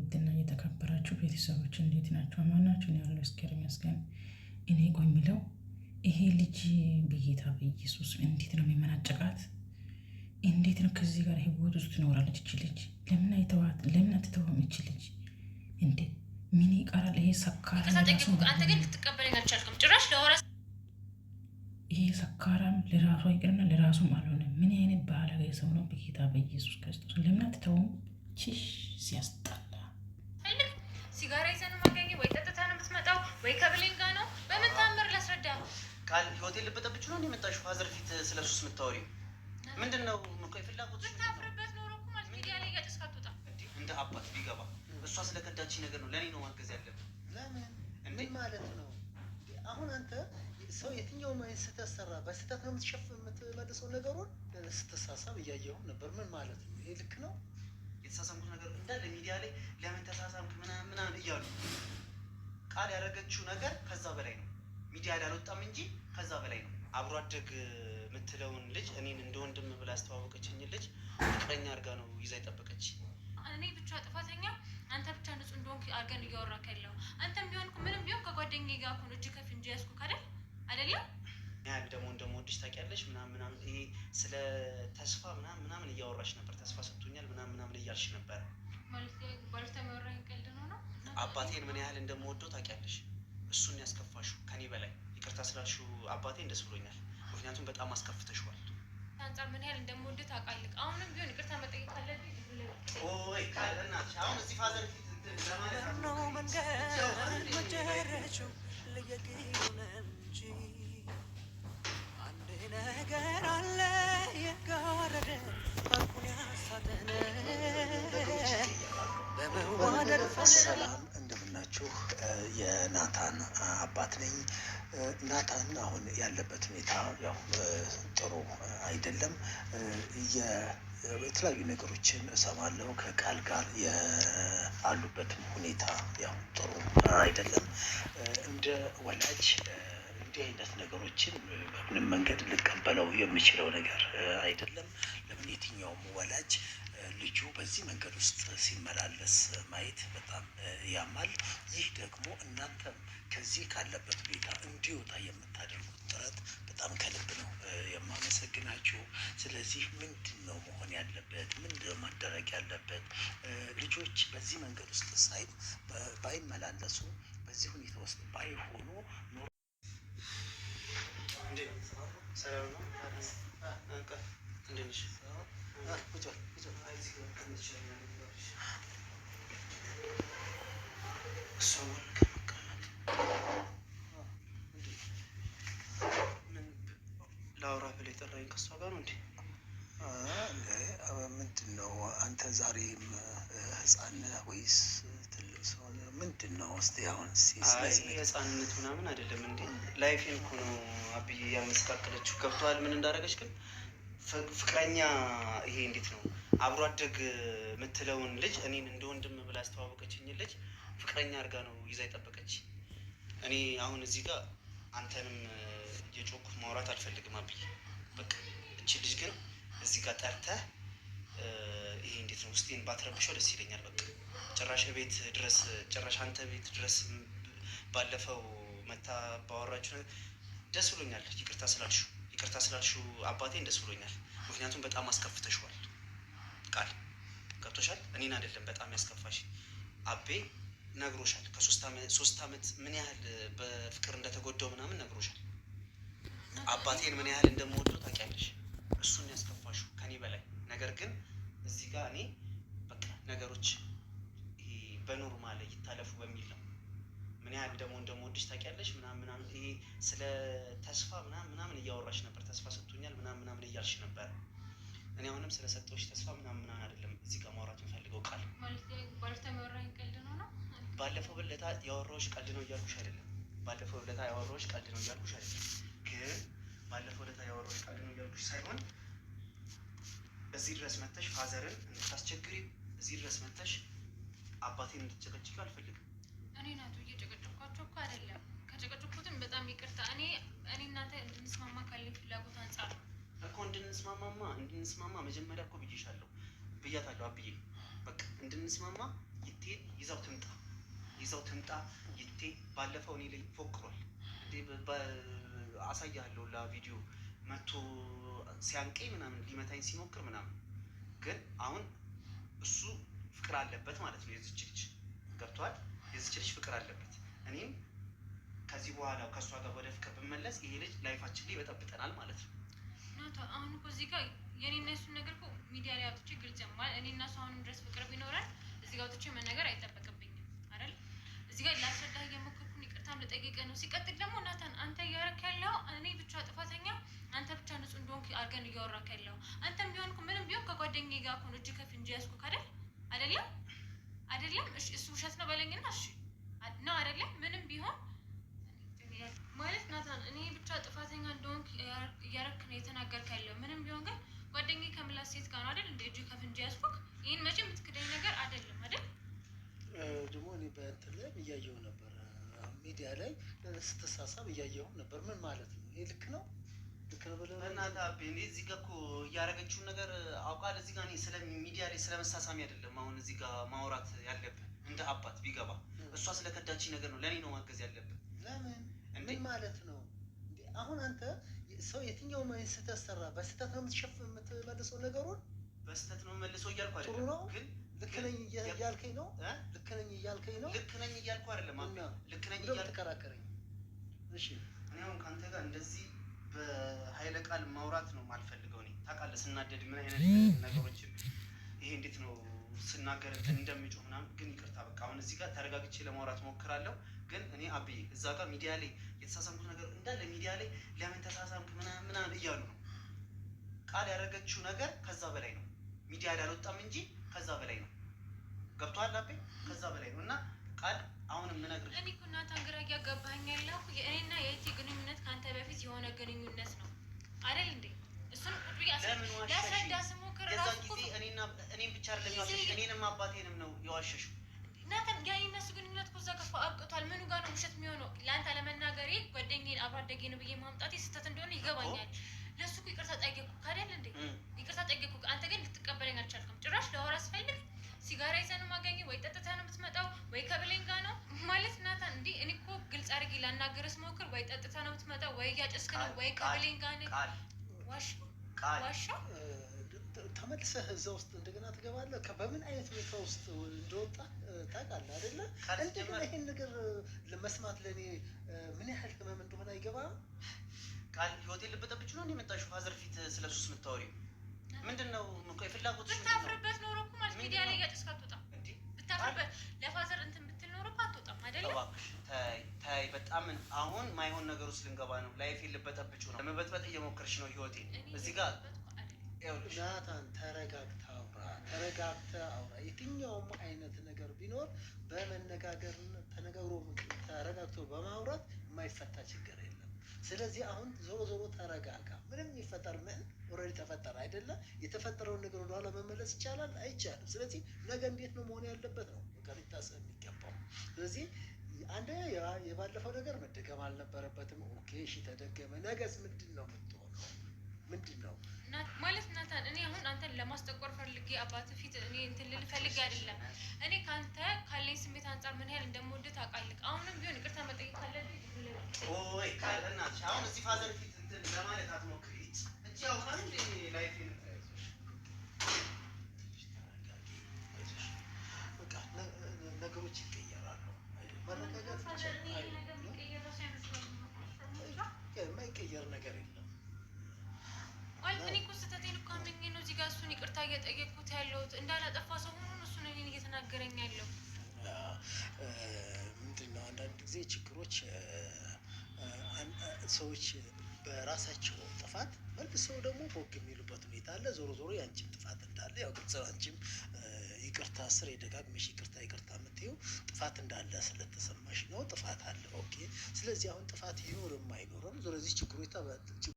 ውድና እየተከበራችሁ ቤተሰቦች እንዴት ናቸው? ማናችሁን ያለው እስኪር ይመስገን። እኔ ቆይ የሚለው ይሄ ልጅ በጌታ በኢየሱስ እንዴት ነው የሚመናጨቃት? እንዴት ነው ከዚህ ጋር ህይወት ውስጥ ትኖራለች እች ልጅ? ለምን አይተዋት? ለምን አትተውም እች ልጅ? እንዴ ምን ይቀራል? ይሄ ሰካራም ለራሱ ይቅርና ለራሱም አልሆነ። ምን አይነት ባህላዊ ሰው ነው? በጌታ በኢየሱስ ክርስቶስ ለምን አትተውም? ችሽ ሲያስጠላ ሲጋራ ይዘን ማገኘ ወይ ጠጥታ ነው የምትመጣው ወይ ከብሌን ጋር ነው። በምን ታምር ላስረዳ። ቃል ህይወቴን ልበጠብች ነው የመጣሽ ሀዘር ፊት ስለ ሱስ የምታወሪ ምንድን ነው? ምኮ የፍላጎት ብታፍርበት ኖሮ እኮ ማለት ሚዲያ ላይ እያጨስ ካትወጣ እንደ አባት ቢገባ እሷ ስለ ከዳች ነገር ነው ለእኔ ነው ማገዝ ያለብን። ለምን ምን ማለት ነው? አሁን አንተ ሰው የትኛው ስህተት ሰራ በስህተት ነው የምትሸፍ የምትመልሰው ነገሩን ስትሳሳብ እያየሁም ነበር። ምን ማለት ነው? ይሄ ልክ ነው የተሳሳምኩት ነገር እንዳለ ሚዲያ ላይ ለምን ተሳሳምኩ ምናምን ምናምን እያሉ ቃል ያደረገችው ነገር ከዛ በላይ ነው። ሚዲያ ላይ አልወጣም እንጂ ከዛ በላይ ነው። አብሮ አደግ የምትለውን ልጅ እኔን እንደ ወንድም ብላ አስተዋወቀችኝ። ልጅ ፍቅረኛ አድርጋ ነው ይዛ የጠበቀች። እኔ ብቻ ጥፋተኛ አንተ ብቻ ንጹህ እንደሆንክ አድርገን እያወራክ ያለው አንተም ቢሆን ምንም ቢሆን ከጓደኛ ጋር እጅ ከፍንጅ ያዝኩ ካደል አደለም ያህል ደግሞ እንደምወድሽ ታውቂያለሽ ምናምን ምናምን ይሄ ስለ ተስፋ ምናምን ምናምን እያወራሽ ነበር። ተስፋ ሰጥቶኛል ምናምን ምናምን እያልሽ ነበር። አባቴን ምን ያህል እንደምወደው ታውቂያለሽ። እሱን ያስከፋሽው ከኔ በላይ ይቅርታ ስላልሽው አባቴን ደስ ብሎኛል። ምክንያቱም በጣም አስከፍተሽዋል። አንጻር ምን ያህል እንደምወደው ታውቃለህ። አሁንም ቢሆን ይቅርታ መጠየቅ አለብኝ። ኦይ ካለና አሁን እዚህ ፋዘር ፊት ለማለት ነው መንገድ እናት ነኝ። ናታን አሁን ያለበት ሁኔታ ያው ጥሩ አይደለም። የተለያዩ ነገሮችን እሰማለሁ ከቃል ጋር ያሉበትም ሁኔታ ያው ጥሩ አይደለም። እንደ ወላጅ እንዲህ አይነት ነገሮችን በምንም መንገድ ልቀበለው የምችለው ነገር አይደለም። ለምን የትኛውም ወላጅ ልጁ በዚህ መንገድ ውስጥ ሲመላለስ ማየት በጣም ያማል። ይህ ደግሞ እናንተም ከዚህ ካለበት ሁኔታ እንዲወጣ የምታደርጉት ጥረት በጣም ከልብ ነው የማመሰግናችሁ። ስለዚህ ምንድን ነው መሆን ያለበት? ምንድን ነው መደረግ ያለበት? ልጆች በዚህ መንገድ ውስጥ ሳይ ባይመላለሱ፣ በዚህ ሁኔታ ውስጥ ባይሆኑ ኖሮ ላውራ ብላ የጠራኝ ከሷ ጋር ነው እንዴ? ምንድን ነው አንተ ዛሬም ህፃን ወይስ ትልቅ ሰው ምንድን ነው? እስኪ አሁን ህፃንነት ምናምን አይደለም እንዴ ላይፌን እኮ ነው አብዬ ያመሰቃቀለችው። ገብቶሃል ምን እንዳደረገች ግን ፍቅረኛ ይሄ እንዴት ነው አብሮ አደግ የምትለውን ልጅ እኔን እንደ ወንድም ብላ አስተዋወቀችኝ። ልጅ ፍቅረኛ አድርጋ ነው ይዛ የጠበቀች። እኔ አሁን እዚህ ጋር አንተንም የጮክ ማውራት አልፈልግም አብዬ። በቃ እቺ ልጅ ግን እዚህ ጋር ጠርተህ ይሄ እንዴት ነው ውስጤን ባትረብሸው ደስ ይለኛል። በቃ ጭራሽ ቤት ድረስ ጭራሽ አንተ ቤት ድረስ ባለፈው መታ ባወራችሁ ደስ ብሎኛል። ይቅርታ ስላልሽው ይቅርታ ስላልሽው አባቴ እንደስ ብሎኛል። ምክንያቱም በጣም አስከፍተሽዋል። ቃል ገብቶሻል። እኔን አይደለም በጣም ያስከፋሽ አቤ ነግሮሻል። ከሶስት ዓመት ምን ያህል በፍቅር እንደተጎዳው ምናምን ነግሮሻል። አባቴን ምን ያህል እንደምወደው ታውቂያለሽ። እሱን ያስከፋሽው ከኔ በላይ ነገር ግን እዚህ ጋር እኔ በቃ ነገሮች በኖርማል ይታለፉ በሚል ነው ምን ያህል ደግሞ እንደምወድሽ ታውቂያለሽ ምናምን ምናምን ይሄ ስለ ተስፋ ምናምን ምናምን እያወራሽ ነበር። ተስፋ ሰጥቶኛል ምናምን ምናምን እያልሽ ነበር። እኔ አሁንም ስለ ሰጠሁሽ ተስፋ ምናምን ምናምን አይደለም እዚህ ጋር ማውራት የምፈልገው ቃል ባለፈው ብለታ ያወራሁሽ ቀልድ ነው እያልኩሽ አይደለም። ባለፈው ብለታ ያወራሁሽ ቀልድ ነው እያልኩሽ አይደለም። ግን ባለፈው ብለታ ያወራሁሽ ቀልድ ነው እያልኩሽ ሳይሆን እዚህ ድረስ መተሽ ፋዘርን እንድታስቸግሪ እዚህ ድረስ መተሽ አባቴን እንድትጨቀጭቅ አልፈልግም። እኔ አይደለም ከጨቀጨኩትም በጣም ይቅርታ። እኔ እኔ እናንተ እንድንስማማ ካለኝ ፍላጎት አንጻር ነው እኮ እንድንስማማማ እንድንስማማ መጀመሪያ እኮ ብዬሻለሁ ብያታለሁ። አብዬ በቃ እንድንስማማ ይቴ ይዛው ትምጣ ይዛው ትምጣ ይቴ። ባለፈው እኔ ላይ ፎክሯል አሳያለሁ ለቪዲዮ መቶ ሲያንቀኝ ምናምን ሊመታኝ ሲሞክር ምናምን ግን አሁን እሱ ፍቅር አለበት ማለት ነው። የዚች ልጅ ገብቷል። የዚች ልጅ ፍቅር አለበት እኔም ከዚህ በኋላ ከእሷ ጋር ወደ ፍቅር ብመለስ ይሄ ልጅ ላይፋችን ላይ ይበጠብጠናል ማለት ነው። ናታ አሁን እኮ እዚህ ጋር የኔ እና እሱን ነገር እኮ ሚዲያ ላይ አውጥቼ ግልጽ ማለት እኔ እና እሱ አሁንም ድረስ ፍቅር ቢኖረን እዚህ ጋር አውጥቼ መነገር አይጠበቅብኝም አይደል? እዚህ ጋር ላስረዳህ እየሞከርኩን ይቅርታም ልጠይቀ ነው። ሲቀጥል ደግሞ ናታን አንተ እያወራክ ያለው እኔ ብቻ ጥፋተኛ አንተ ብቻ ንጹህ እንደሆንክ አድርገን እያወራክ ያለው አንተም ቢሆን ምንም ቢሆን ከጓደኛዬ ጋር እኮ ነው እጅ ከፍ እንጂ ያዝኩህ አይደል? አይደለም አይደለም። እሱ ውሸት ነው በለኝና እሺ ነው አይደለም ምንም ቢሆን ማለት ናታን እኔ ብቻ ጥፋተኛ እንደሆንክ እያረክ ነው የተናገርክ ያለው ምንም ቢሆን ግን ጓደኛዬ ከምላስ ሴት ጋር ነው አይደል እንደ እጅ ከፍንጅ ያዝኩህ። ይህን መቼ የምትክደኝ ነገር አይደለም አይደል? ደግሞ እኔ በእንትን ላይ እያየሁ ነበር፣ ሚዲያ ላይ ስትሳሳብ እያየው ነበር። ምን ማለት ነው? ይሄ ልክ ነው ልክ አቤ፣ እኔ እዚህ ጋር እኮ እያደረገችውን ነገር አውቃል እዚህ ጋር እኔ ስለ ሚዲያ ላይ ስለ መሳሳሚ አይደለም አሁን እዚህ ጋር ማውራት ያለብን እንደ አባት ቢገባ እሷ ስለከዳችኝ ነገር ነው ለእኔ ነው ማገዝ ያለብን። ለምን ማለት ነው። አሁን አንተ ሰው የትኛው ማይን ስህተት ሰራ፣ በስህተት ነው የምትሸፍ የምትመልሰው ነገሩን በስህተት ነው መልሶ እያልኩ አይደለም። ጥሩ ነው ግን ልክ ነኝ እያልከኝ ነው። ልክ ነኝ እያልከኝ ነው። ልክ ነኝ እያልኩ አይደለም። ልክ ነኝ እያልኩ ተከራከረኝ። እሺ እኔ አሁን ከአንተ ጋር እንደዚህ በኃይለ ቃል ማውራት ነው የማልፈልገው። እኔ ታውቃለህ፣ ስናደድ ምን አይነት ነገሮችን ይሄ እንዴት ነው ስናገር እንደሚጮህ ምናምን። ግን ይቅርታ በቃ አሁን እዚህ ጋር ተረጋግቼ ለማውራት ሞክራለሁ። ግን እኔ አብዬ እዛ ጋር ሚዲያ ላይ የተሳሳምኩት ነገር እንዳለ ሚዲያ ላይ ለምን ተሳሳምኩ ምናምን ምናምን እያሉ ነው። ቃል ያደረገችው ነገር ከዛ በላይ ነው። ሚዲያ ላይ አልወጣም እንጂ ከዛ በላይ ነው። ገብቶሃል አቤ? ከዛ በላይ ነው እና ቃል አሁን የምነግርህ እኔ እኮ እናንተ ግራ እያጋባኸኝ ያለው የእኔና የእቴ ግንኙነት ከአንተ በፊት የሆነ ግንኙነት ነው አይደል እንዴ? እሱን ቁጡ ያስረዳ ስሞክር ራሱ እኔም ብቻ ለሚዋሸሽ እኔንም አባቴንም ነው የዋሸሽው ለከን ጋ የእነሱ ግንኙነት እኮ እዛ ገፋ አብቅቷል። ምኑ ጋር ነው ውሸት የሚሆነው? ለአንተ አለመናገሬ ጓደኛዬን አብሮ አደጌ ነው ብዬ ማምጣት ስህተት እንደሆነ ይገባኛል። ለእሱ እኮ ይቅርታ ጠየኩ ካደል እንዴ? ይቅርታ ጠየኩ። አንተ ግን ልትቀበለኝ አልቻልክም። ጭራሽ ለወር አስፈልግ ሲጋራ ይዘህ ነው የማገኘው ወይ ጠጥታ ነው የምትመጣው ወይ ከብሌን ጋር ነው ማለት ናታን። እንዲህ እኔ እኮ ግልጽ አድርጌ ላናገርህ ስሞክር ወይ ጠጥታ ነው የምትመጣው ወይ እያጨስክ ነው ወይ ከብሌን ጋር ነው ዋሻ ዋሻ ተመልሰህ እዛ ውስጥ እንደገና ትገባለህ። በምን አይነት ሁኔታ ውስጥ እንደወጣ ታውቃለህ አይደለ? እንደገና ይሄን ነገር መስማት ለእኔ ምን ያህል ህመም እንደሆነ አይገባም። ቃል ህይወት የለበጠብች ነው የመጣሽ ፋዘር ፊት ስለ ሱስ ምታወሪ ምንድን ነው? የፍላጎት ፍላጎት ብታፍርበት ኖሮ እኮ ማለት ሚዲያ ላይ እያጨስክ አትወጣም። ብታፍርበት ለፋዘር እንትን ብትል ኖሮ እኮ አትወጣም አይደለም። ተይ በጣም አሁን ማይሆን ነገር ውስጥ ልንገባ ነው። ላይፍ የለበጠብች ነው ለመበጥበጥ እየሞከርሽ ነው ህይወቴ እዚህ ጋር ናታን ተረጋግተህ አውራ፣ ተረጋግተህ አውራ። የትኛውም አይነት ነገር ቢኖር በመነጋገር ተነጋግሮ ተረጋግቶ በማውራት የማይፈታ ችግር የለም። ስለዚህ አሁን ዞሮ ዞሮ ተረጋጋ። ምንም የሚፈጠር ምን ኦልሬዲ ተፈጠረ አይደለ? የተፈጠረውን ነገር ወደኋላ መመለስ ይቻላል አይቻልም። ስለዚህ ነገ እንዴት ነው መሆን ያለበት ነው ሊታሰብ የሚገባው። ስለዚህ አንደ የባለፈው ነገር መደገም አልነበረበትም። ኦኬ እሺ፣ ተደገመ። ነገስ ምንድን ነው የምትሆነው? ምንድን ነው ማለት ናታን፣ እኔ አሁን አንተን ለማስጠቆር ፈልጌ አባት ፊት እኔ እንትን ልል ፈልጌ አይደለም። እኔ ከአንተ ካለኝ ስሜት አንጻር ምን ያህል እንደምወድህ ታውቃለህ። አሁንም ቢሆን ይቅርታ መጠየቅ አለብኝ። አሁን እዚህ ፋዘር ፊት እንትን ለማለት አትሞክሪ እንጂ ያው ላይፍ ነገሮች ይቀየራሉ። መረጋጋት የማይቀየር ነገር የለም። ስህተቴን እኮ አምኜ ነው እዚህ ጋር እሱን ይቅርታ እየጠየቅኩት ያለሁት እንዳላጠፋ ሰው ሆኖ እሱን እኔን እየተናገረኝ ያለው ምንድን ነው። አንዳንድ ጊዜ ችግሮች ሰዎች በራሳቸው ጥፋት መልሰው ደግሞ ቦግ የሚሉበት ሁኔታ አለ። ዞሮ ዞሮ የአንቺም ጥፋት እንዳለ ያው ግልጽ፣ አንቺም ይቅርታ ስር የደጋግመሽ ይቅርታ ይቅርታ የምትይው ጥፋት እንዳለ ስለተሰማሽ ነው። ጥፋት አለ። ኦኬ። ስለዚህ አሁን ጥፋት ይኖርም አይኖርም፣ ዞሮ ስለዚህ ችግሮች